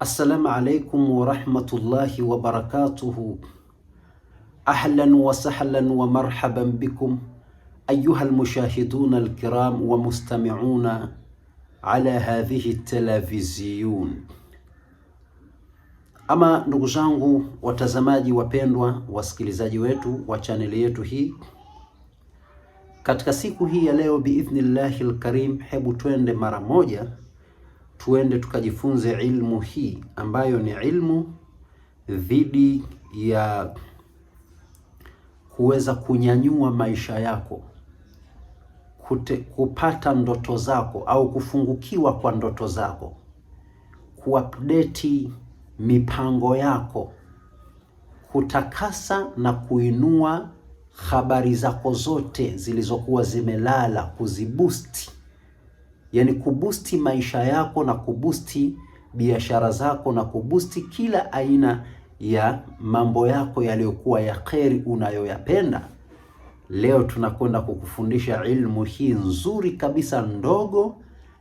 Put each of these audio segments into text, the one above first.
Assalamu alaikum warahmatullahi wabarakatuhu. Ahlan wa sahlan wa marhaban bikum ayuha almushahiduna alkiram wa mustami'una ala hadhihi televiziyun. Ama ndugu zangu watazamaji wapendwa, wasikilizaji wetu wa chaneli yetu hii, katika siku hii ya leo biidhnillahi lkarim hebu twende mara moja tuende tukajifunze ilmu hii ambayo ni ilmu dhidi ya kuweza kunyanyua maisha yako kute, kupata ndoto zako au kufungukiwa kwa ndoto zako, kuupdate mipango yako, kutakasa na kuinua habari zako zote zilizokuwa zimelala, kuzibusti yani kubusti maisha yako na kubusti biashara zako na kubusti kila aina ya mambo yako yaliyokuwa ya kheri unayoyapenda. Leo tunakwenda kukufundisha ilmu hii nzuri kabisa ndogo,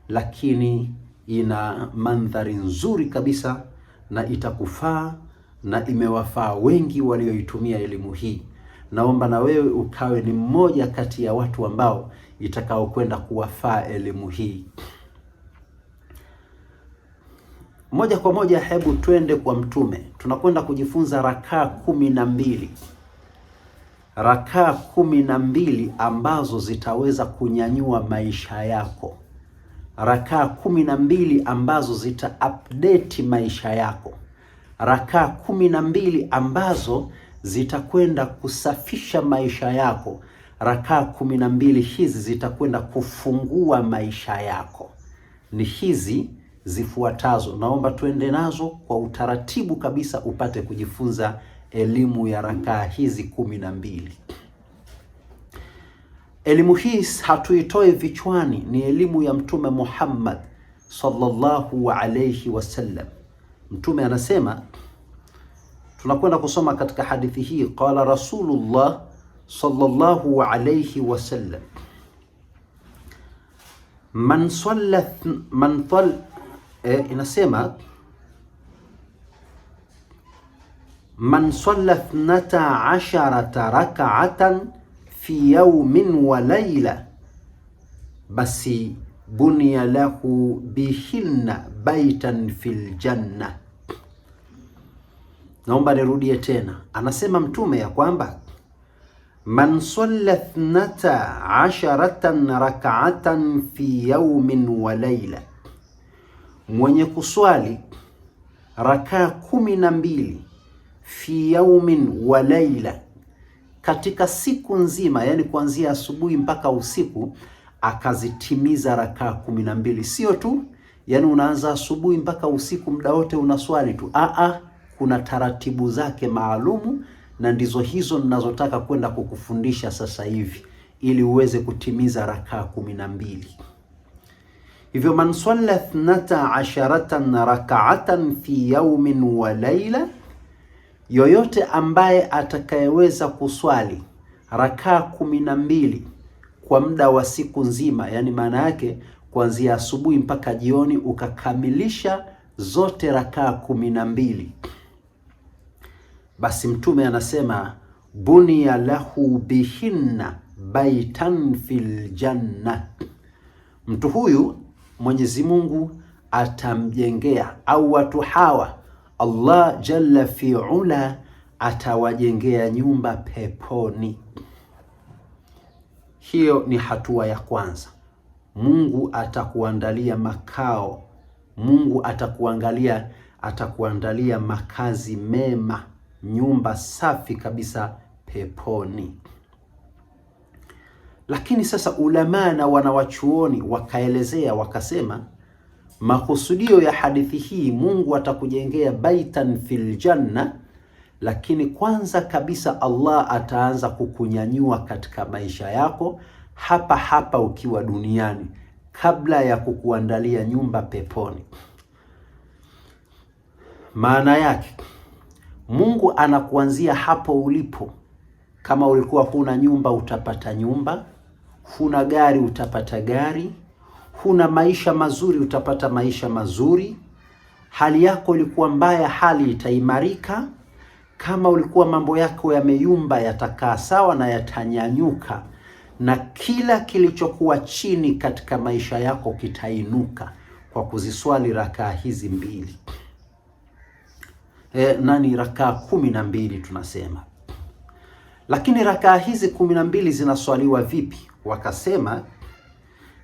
lakini ina mandhari nzuri kabisa na itakufaa na imewafaa wengi walioitumia elimu hii naomba na wewe ukawe ni mmoja kati ya watu ambao itakaokwenda kuwafaa elimu hii. Moja kwa moja, hebu twende kwa Mtume. Tunakwenda kujifunza rakaa kumi na mbili rakaa kumi na mbili ambazo zitaweza kunyanyua maisha yako, rakaa kumi na mbili ambazo zita update maisha yako, rakaa kumi na mbili ambazo zitakwenda kusafisha maisha yako. Rakaa kumi na mbili hizi zitakwenda kufungua maisha yako, ni hizi zifuatazo. Naomba tuende nazo kwa utaratibu kabisa, upate kujifunza elimu ya rakaa hizi kumi na mbili. Elimu hii hatuitoi vichwani, ni elimu ya Mtume Muhammad sallallahu alayhi wasallam. Mtume anasema Tunakwenda kusoma katika hadithi hii, qala Rasulullah sallallahu alayhi wasallam man salla man tal, eh, inasema man salla thnata asharata rak'atan fi yawmin wa layla basi bunya lahu bihinna baitan fil janna Naomba nirudie tena, anasema mtume ya kwamba man salla thnata asharatan rakaatan fi yaumin wa laila mwenye kuswali rakaa kumi na mbili fi yaumin wa laila katika siku nzima, yani kuanzia asubuhi mpaka usiku, akazitimiza rakaa kumi na mbili. Sio tu yani unaanza asubuhi mpaka usiku muda wote unaswali tu, a a kuna taratibu zake maalumu, na ndizo hizo ninazotaka kwenda kukufundisha sasa hivi ili uweze kutimiza rakaa kumi na mbili. Hivyo, man salla thnata asharatan rakaatan fi yaumin wa laila, yoyote ambaye atakayeweza kuswali rakaa kumi na mbili kwa muda wa siku nzima, yani maana yake kuanzia asubuhi mpaka jioni ukakamilisha zote rakaa kumi na mbili basi mtume anasema bunia lahu bihinna baitan fil janna, mtu huyu Mwenyezi Mungu atamjengea au watu hawa Allah jalla ula atawajengea nyumba peponi. Hiyo ni hatua ya kwanza. Mungu atakuandalia makao, Mungu atakuangalia, atakuandalia makazi mema nyumba safi kabisa peponi. Lakini sasa ulamaa na wanawachuoni wakaelezea wakasema, makusudio ya hadithi hii, Mungu atakujengea baitan fil janna, lakini kwanza kabisa Allah ataanza kukunyanyua katika maisha yako hapa hapa ukiwa duniani kabla ya kukuandalia nyumba peponi. Maana yake Mungu anakuanzia hapo ulipo. Kama ulikuwa huna nyumba, utapata nyumba. Huna gari, utapata gari. Huna maisha mazuri, utapata maisha mazuri. Hali yako ilikuwa mbaya, hali itaimarika. Kama ulikuwa mambo yako yameyumba, yatakaa sawa na yatanyanyuka, na kila kilichokuwa chini katika maisha yako kitainuka, kwa kuziswali rakaa hizi mbili e, nani rakaa kumi na mbili tunasema. Lakini rakaa hizi kumi na mbili zinaswaliwa vipi? Wakasema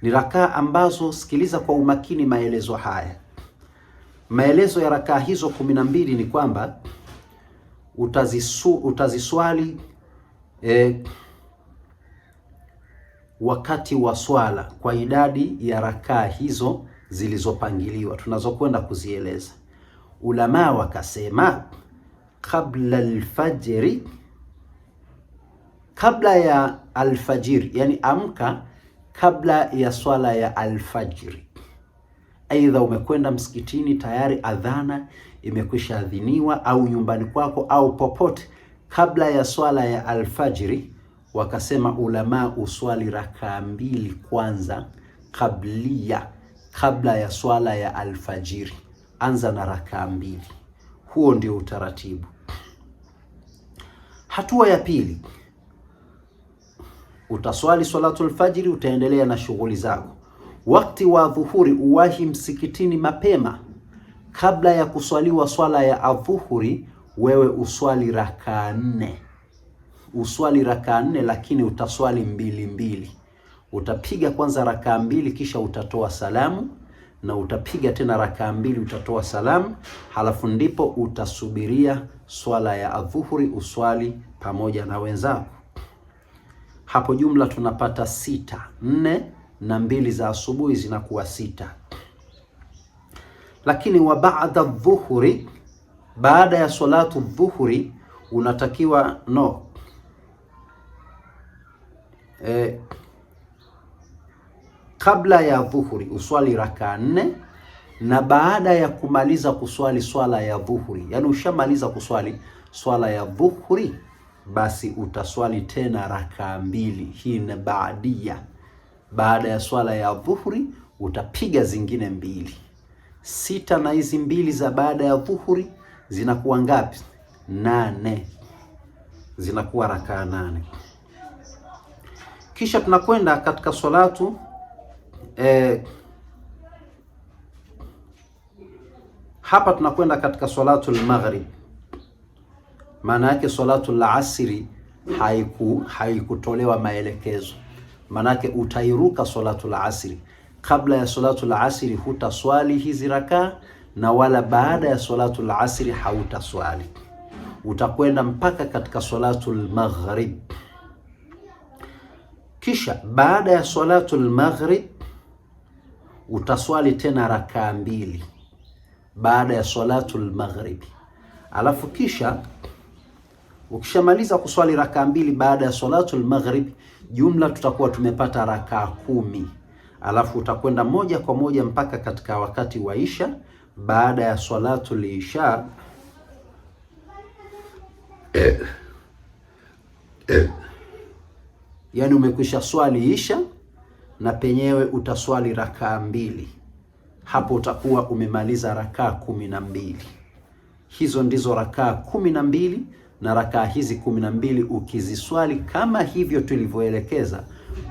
ni rakaa ambazo, sikiliza kwa umakini maelezo haya. Maelezo ya rakaa hizo kumi na mbili ni kwamba utazisu, utaziswali e, wakati wa swala kwa idadi ya rakaa hizo zilizopangiliwa tunazokwenda kuzieleza. Ulamaa wakasema kabla alfajiri, kabla ya alfajiri, yani amka kabla ya swala ya alfajiri. Aidha umekwenda msikitini tayari, adhana imekwisha adhiniwa, au nyumbani kwako au popote, kabla ya swala ya alfajiri, wakasema ulamaa uswali rakaa mbili kwanza, kablia, kabla ya swala ya alfajiri anza na rakaa mbili. Huo ndio utaratibu. Hatua ya pili, utaswali swalatul fajiri, utaendelea na shughuli zako. Wakati wa dhuhuri uwahi msikitini mapema, kabla ya kuswaliwa swala ya adhuhuri, wewe uswali rakaa nne, uswali rakaa nne, lakini utaswali mbili mbili. Utapiga kwanza rakaa mbili, kisha utatoa salamu na utapiga tena rakaa mbili, utatoa salamu, halafu ndipo utasubiria swala ya adhuhuri uswali pamoja na wenzako. Hapo jumla tunapata sita, nne na mbili za asubuhi zinakuwa sita. Lakini wa baada dhuhuri, baada ya salatu dhuhuri unatakiwa no, eh, kabla ya dhuhuri uswali rakaa nne na baada ya kumaliza kuswali swala ya dhuhuri, yaani ushamaliza kuswali swala ya dhuhuri, basi utaswali tena rakaa mbili. Hii ni baadia. Baada ya swala ya dhuhuri utapiga zingine mbili, sita, na hizi mbili za baada ya dhuhuri zinakuwa ngapi? Nane, zinakuwa rakaa nane. Kisha tunakwenda katika salatu eh, hapa tunakwenda katika salatul maghrib. Maana yake salatul asri haiku haikutolewa maelekezo, maana yake utairuka salatul asri. Kabla ya salatul asri hutaswali hizi rakaa, na wala baada ya salatul asri hautaswali, utakwenda mpaka katika salatul maghrib. Kisha baada ya salatul maghrib utaswali tena rakaa mbili baada ya salatu maghribi, alafu kisha ukishamaliza kuswali rakaa mbili baada ya swalatul maghrib, jumla tutakuwa tumepata rakaa kumi. Alafu utakwenda moja kwa moja mpaka katika wakati wa isha. Baada ya swalatul isha eh, eh, eh. yani umekwisha swali isha na penyewe utaswali rakaa mbili. Hapo utakuwa umemaliza rakaa kumi na mbili. Hizo ndizo rakaa kumi na mbili, na rakaa hizi kumi na mbili ukiziswali kama hivyo tulivyoelekeza,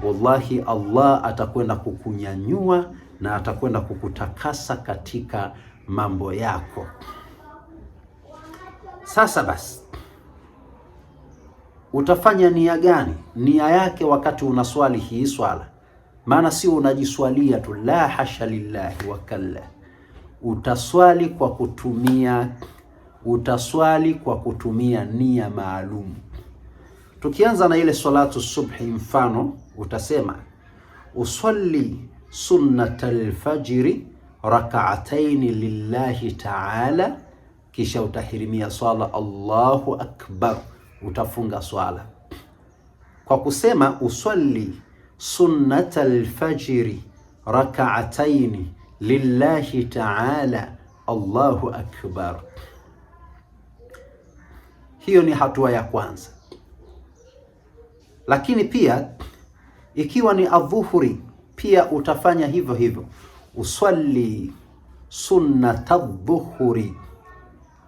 wallahi Allah atakwenda kukunyanyua na atakwenda kukutakasa katika mambo yako. Sasa basi utafanya nia gani? Nia yake wakati unaswali hii swala maana sio unajiswalia tu, la hasha lillahi wakalla. Utaswali kwa kutumia utaswali kwa kutumia nia maalum. Tukianza na ile salatu subhi, mfano utasema usalli sunnata alfajri rakaataini lillahi ta'ala, kisha utahirimia swala Allahu akbar, utafunga swala kwa kusema usalli sunnata alfajiri rakaataini lillahi taala, Allahu akbar. Hiyo ni hatua ya kwanza. Lakini pia ikiwa ni adhuhuri, pia utafanya hivyo hivyo, usalli sunnata adhuhuri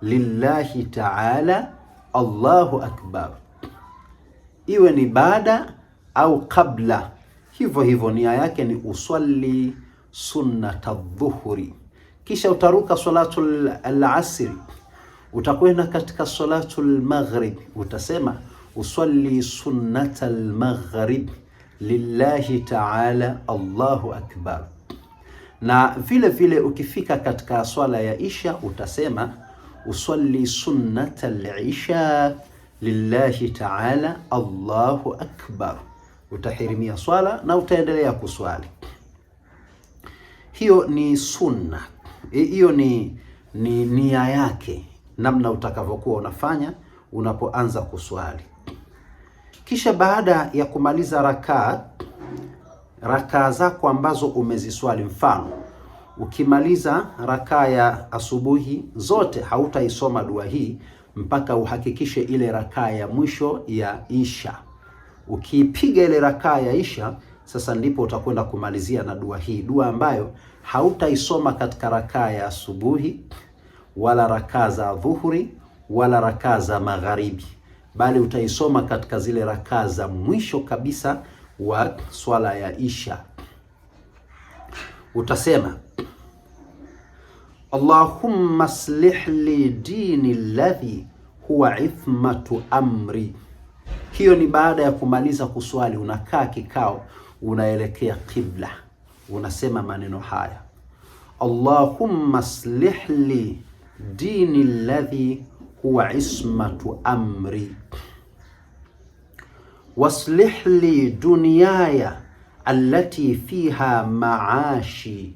lillahi taala, Allahu akbar, iwe ni baada au kabla hivyo hivyo, nia yake ni uswali sunnata dhuhuri, kisha utaruka salatul alasri, utakwenda katika salatul maghrib, utasema usalli sunnata al-maghrib lillahi ta'ala, Allahu akbar. Na vile vile ukifika katika swala ya isha utasema usalli sunnata al-isha lillahi ta'ala, Allahu akbar utahirimia swala na utaendelea kuswali. Hiyo ni sunna, hiyo ni ni nia yake, namna utakavyokuwa unafanya unapoanza kuswali. Kisha baada ya kumaliza rakaa rakaa zako ambazo umeziswali, mfano ukimaliza rakaa ya asubuhi zote, hautaisoma dua hii mpaka uhakikishe ile rakaa ya mwisho ya isha Ukiipiga ile rakaa ya isha, sasa ndipo utakwenda kumalizia na dua hii, dua ambayo hautaisoma katika rakaa ya asubuhi wala rakaa za dhuhuri wala rakaa za magharibi, bali utaisoma katika zile rakaa za mwisho kabisa wa swala ya isha. Utasema, Allahumma aslih li dini alladhi huwa ithmatu amri hiyo ni baada ya kumaliza kuswali, unakaa kikao, unaelekea qibla, unasema maneno haya: Allahumma aslih li dini alladhi huwa ismatu amri waslih li dunyaya allati fiha maashi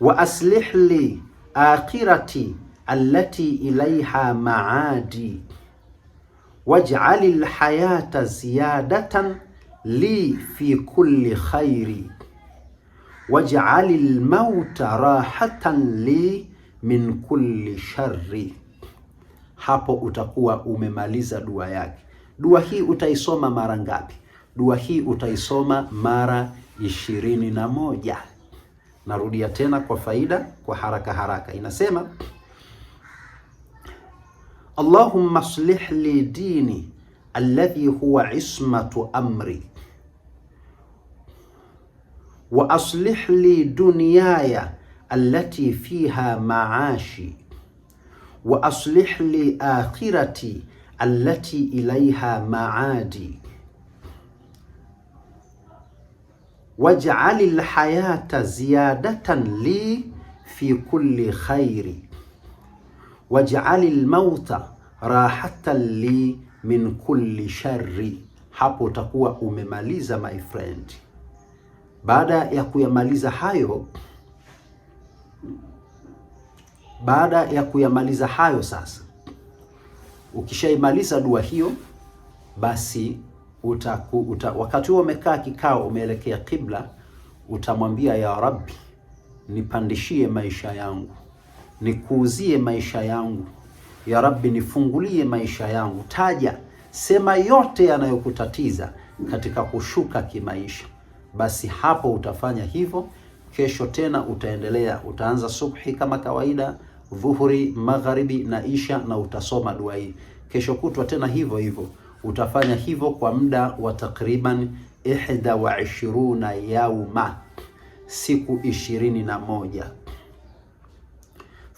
wa aslih li akhirati allati ilaiha maadi waj'ali lhayata ziyadatan li fi kulli khairi waj'ali lmauta rahatan li min kulli sharri. Hapo utakuwa umemaliza dua yake. Dua hii utaisoma mara ngapi? Dua hii utaisoma mara ishirini na moja. Narudia tena kwa faida, kwa haraka haraka, inasema اللهم اصلح لي ديني الذي هو عصمة أمري وأصلح لي دنياي التي فيها معاشي وأصلح لي آخرتي التي إليها معادي واجعل الحياة زيادة لي في كل خيري waj'ali lmauta rahatan li min kulli sharri. Hapo utakuwa umemaliza my friend. Baada ya kuyamaliza hayo, baada ya kuyamaliza hayo sasa, ukishaimaliza dua hiyo basi utaku, uta, wakati huo umekaa kikao, umeelekea kibla, utamwambia ya Rabbi, nipandishie maisha yangu nikuuzie maisha yangu, ya Rabbi nifungulie maisha yangu. Taja, sema yote yanayokutatiza katika kushuka kimaisha. Basi hapo utafanya hivyo. Kesho tena utaendelea, utaanza subhi kama kawaida, dhuhuri, magharibi na isha, na utasoma dua hii. Kesho kutwa tena hivyo hivyo utafanya hivyo kwa muda wa takriban ihda wa ishiruna yauma, siku ishirini na moja.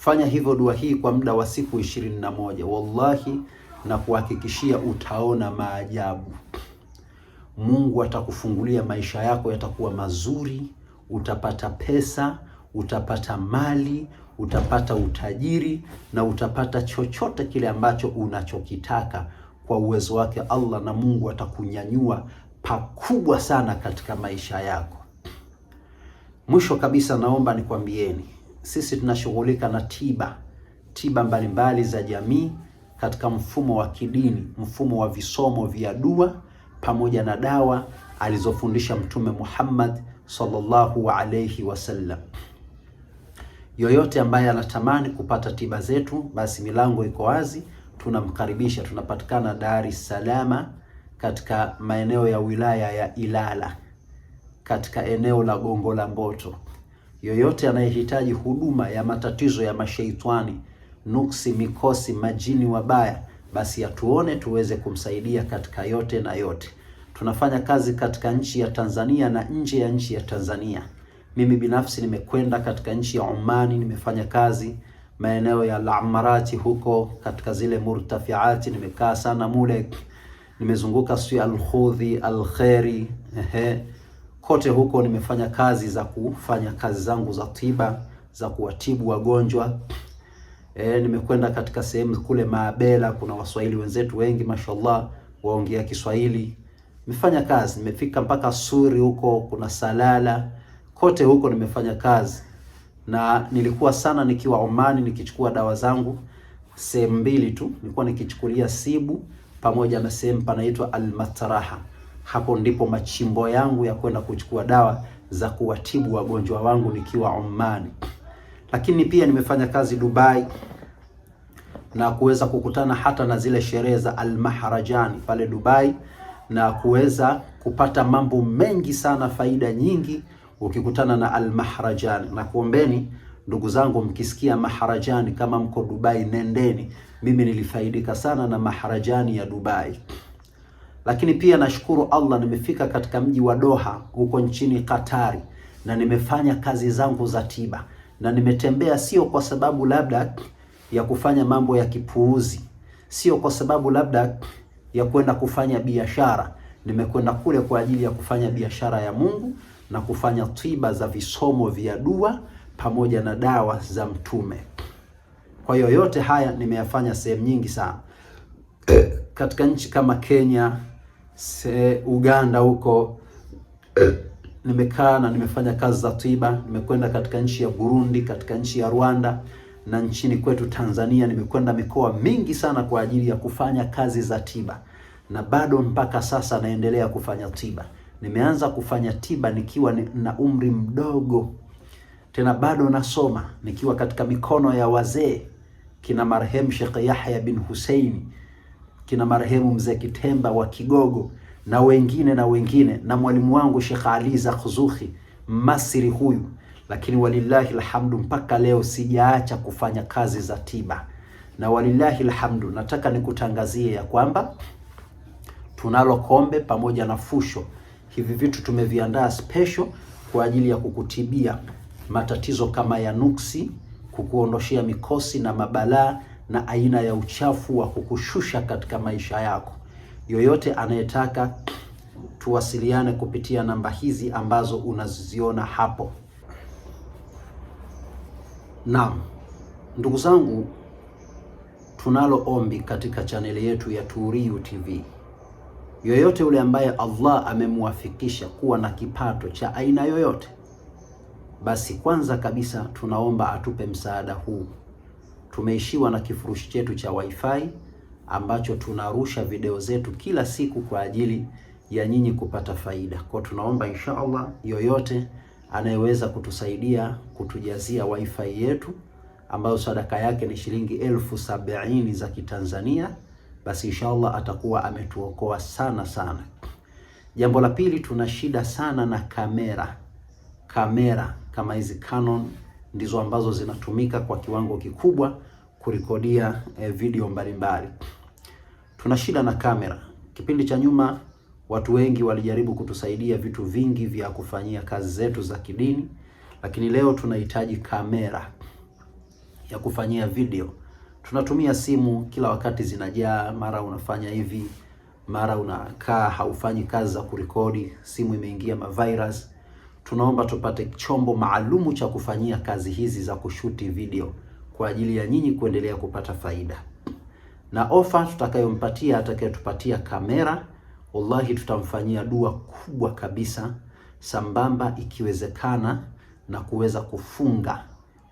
Fanya hivyo dua hii kwa muda wa siku ishirini na moja. Wallahi na kuhakikishia utaona maajabu. Mungu atakufungulia maisha yako, yatakuwa mazuri, utapata pesa, utapata mali, utapata utajiri na utapata chochote kile ambacho unachokitaka kwa uwezo wake Allah, na Mungu atakunyanyua pakubwa sana katika maisha yako. Mwisho kabisa, naomba nikwambieni sisi tunashughulika na tiba tiba mbalimbali za jamii katika mfumo wa kidini, mfumo wa visomo vya dua pamoja na dawa alizofundisha Mtume Muhammad sallallahu alayhi wasallam. Yoyote ambaye anatamani kupata tiba zetu, basi milango iko wazi, tunamkaribisha. Tunapatikana Dar es Salaam katika maeneo ya wilaya ya Ilala katika eneo la Gongo la Mboto. Yoyote anayehitaji huduma ya matatizo ya masheitani, nuksi, mikosi, majini wabaya, basi atuone tuweze kumsaidia katika yote na yote. Tunafanya kazi katika nchi ya Tanzania na nje ya nchi ya Tanzania. Mimi binafsi nimekwenda katika nchi ya Omani, nimefanya kazi maeneo ya Lamarati huko katika zile murtafiati, nimekaa sana mule, nimezunguka sio Al-Khudhi, al ehe Kote huko nimefanya kazi za kufanya kazi zangu za tiba za kuwatibu wagonjwa. E, nimekwenda katika sehemu kule Maabela, kuna waswahili wenzetu wengi mashallah, waongea Kiswahili. Nimefanya kazi, nimefika mpaka Suri huko, kuna Salala. Kote huko nimefanya kazi, na nilikuwa sana nikiwa Omani nikichukua dawa zangu sehemu mbili tu, nilikuwa nikichukulia Sibu pamoja na sehemu panaitwa Almataraha. Hapo ndipo machimbo yangu ya kwenda kuchukua dawa za kuwatibu wagonjwa wangu nikiwa Oman. Lakini pia nimefanya kazi Dubai na kuweza kukutana hata na zile sherehe za Almaharajani pale Dubai na kuweza kupata mambo mengi sana, faida nyingi ukikutana na Almaharajani. Na kuombeni ndugu zangu, mkisikia Maharajani kama mko Dubai, nendeni. Mimi nilifaidika sana na Maharajani ya Dubai. Lakini pia nashukuru Allah, nimefika katika mji wa Doha huko nchini Katari na nimefanya kazi zangu za tiba na nimetembea, sio kwa sababu labda ya kufanya mambo ya kipuuzi, sio kwa sababu labda ya kwenda kufanya biashara. Nimekwenda kule kwa ajili ya kufanya biashara ya Mungu na kufanya tiba za visomo vya dua pamoja na dawa za Mtume. Kwa hiyo yote haya nimeyafanya sehemu nyingi sana katika nchi kama Kenya se Uganda huko eh. nimekaa na nimefanya kazi za tiba. Nimekwenda katika nchi ya Burundi, katika nchi ya Rwanda na nchini kwetu Tanzania. Nimekwenda mikoa mingi sana kwa ajili ya kufanya kazi za tiba, na bado mpaka sasa naendelea kufanya tiba. Nimeanza kufanya tiba nikiwa na umri mdogo, tena bado nasoma, nikiwa katika mikono ya wazee, kina marehemu Sheikh Yahya bin Hussein, kina marehemu mzee Kitemba wa Kigogo na wengine na wengine, na mwalimu wangu Sheikh Ali Zakhzuki Masri huyu, lakini walillahi alhamdu, mpaka leo sijaacha kufanya kazi za tiba, na walillahi alhamdu, nataka nikutangazie ya kwamba tunalo kombe pamoja na fusho. Hivi vitu tumeviandaa special kwa ajili ya kukutibia matatizo kama ya nuksi, kukuondoshea mikosi na mabalaa na aina ya uchafu wa kukushusha katika maisha yako. Yoyote anayetaka tuwasiliane kupitia namba hizi ambazo unaziona hapo. Naam, ndugu zangu, tunalo ombi katika chaneli yetu ya Tuuriyu TV. Yoyote yule ambaye Allah amemwafikisha kuwa na kipato cha aina yoyote, basi kwanza kabisa tunaomba atupe msaada huu. Tumeishiwa na kifurushi chetu cha wifi ambacho tunarusha video zetu kila siku kwa ajili ya nyinyi kupata faida. Kwa tunaomba inshallah yoyote anayeweza kutusaidia kutujazia wifi yetu ambayo sadaka yake ni shilingi elfu sabiini za Kitanzania, basi inshallah atakuwa ametuokoa sana sana. Jambo la pili, tuna shida sana na kamera. Kamera kama hizi Canon ndizo ambazo zinatumika kwa kiwango kikubwa kurekodia eh, video mbalimbali tuna shida na kamera. Kipindi cha nyuma watu wengi walijaribu kutusaidia vitu vingi vya kufanyia kazi zetu za kidini, lakini leo tunahitaji kamera ya kufanyia video. Tunatumia simu kila wakati, zinajaa, mara unafanya hivi, mara unakaa haufanyi kazi za kurekodi, simu imeingia mavirus. Tunaomba tupate chombo maalumu cha kufanyia kazi hizi za kushuti video kwa ajili ya nyinyi kuendelea kupata faida na ofa tutakayompatia atakayotupatia kamera, wallahi tutamfanyia dua kubwa kabisa, sambamba ikiwezekana na kuweza kufunga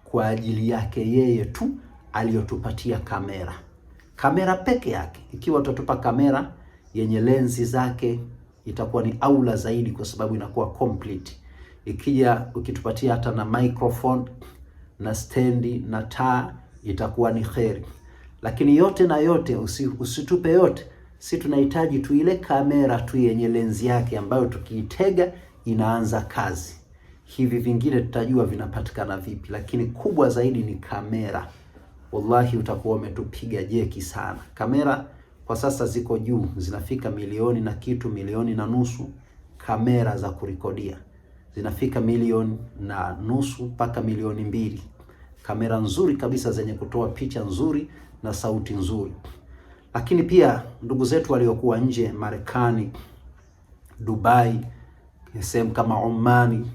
kwa ajili yake yeye tu aliyotupatia kamera, kamera peke yake. Ikiwa utatupa kamera yenye lenzi zake itakuwa ni aula zaidi, kwa sababu inakuwa complete. Ikija ukitupatia hata na microphone na stendi na taa itakuwa ni kheri. Lakini yote na yote usi, usitupe yote, si tunahitaji tu ile kamera tu yenye lenzi yake ambayo tukiitega inaanza kazi. Hivi vingine tutajua vinapatikana vipi, lakini kubwa zaidi ni kamera. Wallahi utakuwa umetupiga jeki sana. Kamera kwa sasa ziko juu, zinafika milioni na kitu, milioni na nusu, kamera za kurikodia zinafika milioni na nusu mpaka milioni mbili, kamera nzuri kabisa zenye kutoa picha nzuri na sauti nzuri. Lakini pia ndugu zetu waliokuwa nje, Marekani, Dubai, sehemu kama Omani,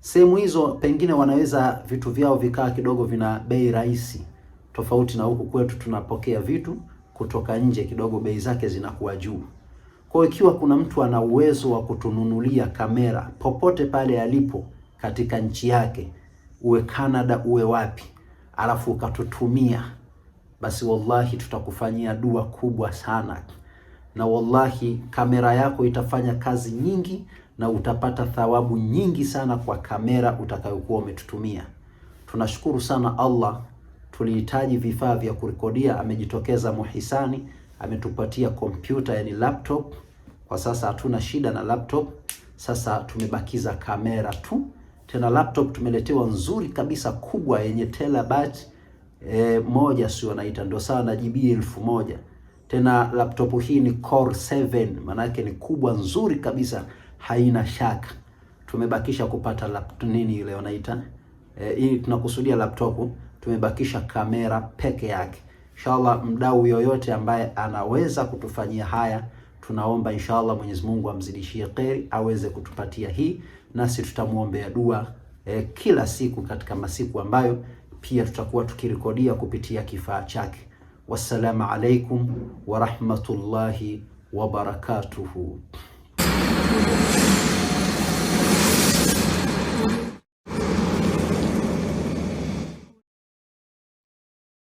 sehemu hizo pengine wanaweza vitu vyao vikaa kidogo vina bei rahisi, tofauti na huku kwetu tunapokea vitu kutoka nje kidogo bei zake zinakuwa juu. Kwa hiyo ikiwa kuna mtu ana uwezo wa kutununulia kamera popote pale alipo katika nchi yake, uwe Canada uwe wapi, alafu ukatutumia basi wallahi tutakufanyia dua kubwa sana, na wallahi kamera yako itafanya kazi nyingi na utapata thawabu nyingi sana kwa kamera utakayokuwa umetutumia. Tunashukuru sana Allah, tulihitaji vifaa vya kurekodia, amejitokeza muhisani, ametupatia kompyuta yani laptop. Kwa sasa hatuna shida na laptop, sasa tumebakiza kamera tu. Tena laptop tumeletewa nzuri kabisa kubwa yenye terabyte e, moja sio wanaita ndo sawa na GB elfu moja. Tena laptop hii ni Core 7 maana yake ni kubwa nzuri kabisa, haina shaka. Tumebakisha kupata laptop nini ile wanaita e, ili tunakusudia laptop, tumebakisha kamera peke yake. Inshallah, mdau yoyote ambaye anaweza kutufanyia haya tunaomba inshallah Mwenyezi Mungu amzidishie kheri, aweze kutupatia hii, nasi tutamwombea dua e, kila siku katika masiku ambayo pia tutakuwa tukirekodia kupitia kifaa chake. Wassalamu alaikum warahmatullahi wabarakatuhu.